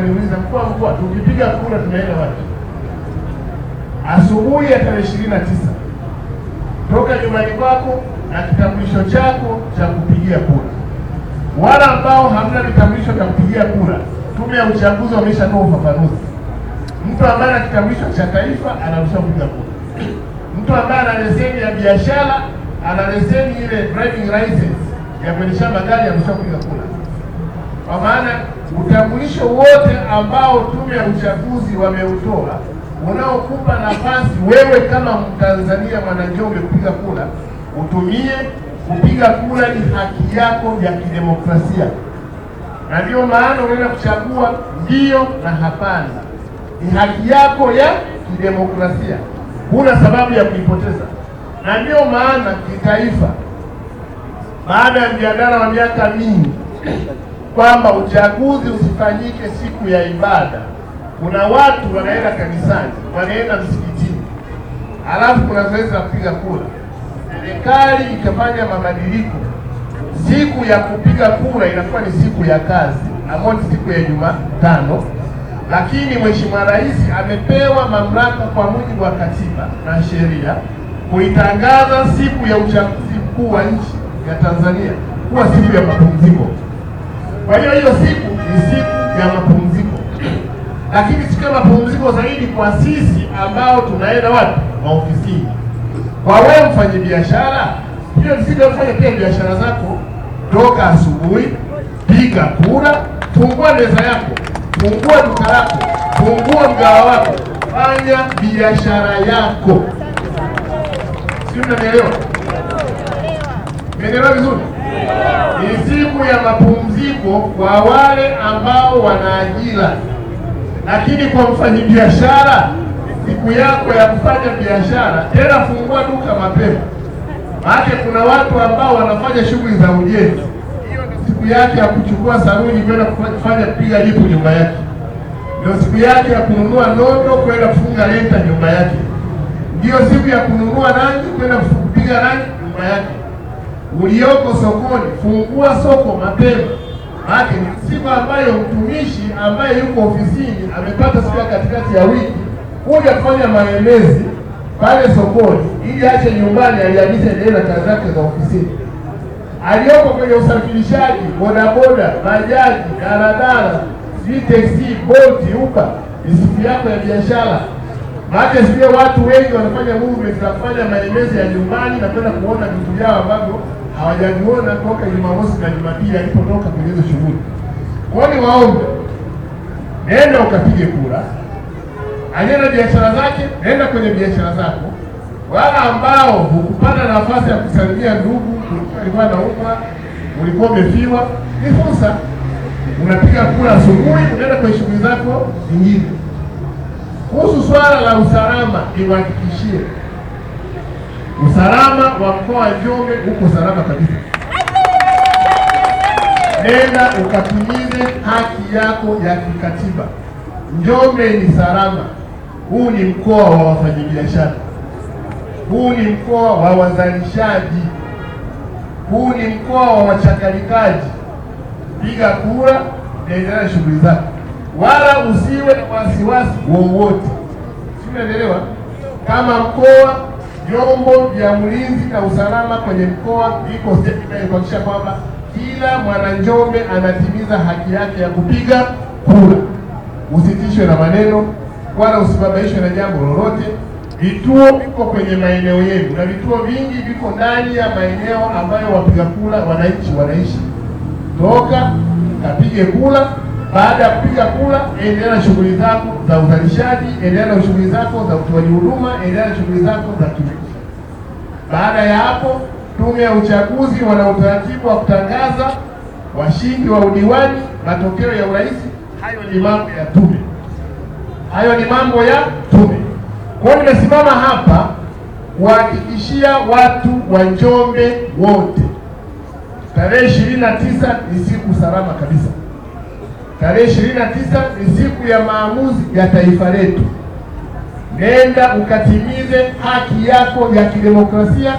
ananiuliza mkuu mkoa, tukipiga kura tunaenda wapi? Asubuhi ya tarehe ishirini na tisa toka nyumbani kwako na kitambulisho chako cha kupigia kura. Wala ambao hamna vitambulisho vya kupigia kura, tume ya uchaguzi wameshatoa ufafanuzi. Mtu ambaye ana kitambulisho cha taifa anaruhusiwa kupiga kura. Mtu ambaye ana leseni ya biashara, ana leseni ile driving license ya kuendesha magari, anaruhusiwa kupiga kura kwa maana utambulisho wote ambao tume ya uchaguzi wameutoa unaokupa nafasi wewe kama Mtanzania Mwananjombe kupiga kura, utumie kupiga kura. Ni haki yako ya kidemokrasia, na ndiyo maana unaenda kuchagua ndio na hapana. Ni haki yako ya kidemokrasia, huna sababu ya kuipoteza. Na ndiyo maana kitaifa, baada ya mjadala wa miaka mingi kwamba uchaguzi usifanyike siku ya ibada. Kuna watu wanaenda kanisani, wanaenda msikitini, alafu kuna zoezi la kupiga kura. Serikali ikafanya mabadiliko, siku ya kupiga kura inakuwa ni siku ya kazi, ambayo ni siku ya Jumatano, lakini Mheshimiwa Rais amepewa mamlaka kwa mujibu wa katiba na sheria kuitangaza siku ya uchaguzi mkuu wa nchi ya Tanzania kuwa siku ya mapumziko. Kwa hiyo hiyo siku ni siku ya mapumziko, lakini siku ya mapumziko zaidi kwa sisi ambao tunaenda wapi? Maofisini. Kwa wewe mfanye biashara, hiyo ni siku ya kufanya pia biashara zako. Toka asubuhi, piga kura, fungua meza yako, fungua duka lako, fungua mgawa wako, fanya biashara yako, si unanielewa? Menelewa vizuri ni siku ya mapumziko kwa wale ambao wana ajira, lakini kwa mfanyabiashara, siku yako ya kufanya biashara tena, fungua duka mapema, maana kuna watu ambao wanafanya shughuli za ujenzi, siku yake ya kuchukua saruni kwenda kufanya kupiga lipu nyumba yake ndio siku yake ya kununua nondo kwenda kufunga lenta nyumba yake. Ndiyo siku ya kununua rangi kwenda kupiga rangi nyumba yake ulioko sokoni, fungua soko mapema, maana ni siku ambayo mtumishi ambaye yuko ofisini amepata siku ya katikati ya wiki kuja kufanya maelezi pale sokoni, ili ache nyumbani aliamishe endelee na kazi zake za ofisini. Aliyoko kwenye usafirishaji, bodaboda, bajaji, daladala, sijui teksi, bolti, upa, ni siku yako ya biashara. Maana hata watu wengi wanafanya movement za kufanya maelezo ya nyumbani na kwenda kuona vitu vyao ambavyo hawajaviona toka Jumamosi na Jumapili alipotoka kwenye hizo shughuli. Kwa hiyo niwaombe, nenda ukapige kura. Aliye na biashara zake, nenda kwenye biashara zako. Wala ambao hukupata nafasi ya kusalimia ndugu, ulikuwa umma, ulikuwa umefiwa, ni fursa. Unapiga kura asubuhi, unaenda kwenye shughuli zako nyingine. Kuhusu swala la usalama, niwahakikishie usalama wa mkoa wa Njombe uko salama kabisa. Nenda ukatimize haki yako ya kikatiba. Njombe ni salama. Huu ni mkoa wa wafanyabiashara, huu ni mkoa wa wazalishaji, huu ni mkoa wa wachakalikaji. Piga kura, endelea shughuli zako wala usiwe na wasiwasi wowote. Siunaelewa kama mkoa vyombo vya ulinzi na usalama kwenye mkoa iko stendi inayohakikisha kwamba kila mwananjombe anatimiza haki yake ya kupiga kura. Usitishwe na maneno wala usibabaishwe na jambo lolote. Vituo viko kwenye maeneo yenu na vituo vingi viko ndani ya maeneo ambayo wapiga kura wananchi wanaishi. Toka kapige kura. Baada ya kupiga kura, endelea na shughuli zako za uzalishaji, endelea na shughuli zako za utoaji huduma, endelea na shughuli zako za kibiashara. Baada ya hapo, tume ya uchaguzi wana utaratibu wa kutangaza washindi wa udiwani, matokeo ya urais. Hayo ni mambo ya tume, hayo ni mambo ya tume. Kwa hiyo nimesimama hapa kuhakikishia watu wa Njombe wote, tarehe ishirini na tisa ni siku salama kabisa. Tarehe ishirini na tisa ni siku ya maamuzi ya taifa letu. Nenda ukatimize haki yako ya kidemokrasia,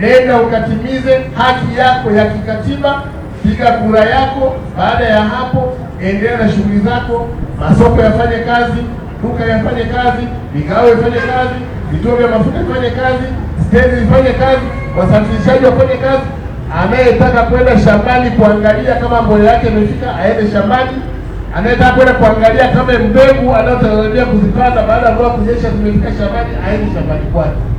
nenda ukatimize haki yako ya kikatiba, piga kura yako. Baada ya hapo, endelea na shughuli zako, masoko yafanye kazi, duka yafanye kazi, migao ifanye kazi, vituo vya mafuta vifanye kazi, stendi zifanye kazi, wasafirishaji wafanye kazi. Anayetaka kwenda shambani kuangalia kama mbolea yake imefika, aende shambani anayetaka kwenda kuangalia kama mbegu anayotarajia kuzipanda baada ya mvua kunyesha zimefika shambani, aende shambani kwake.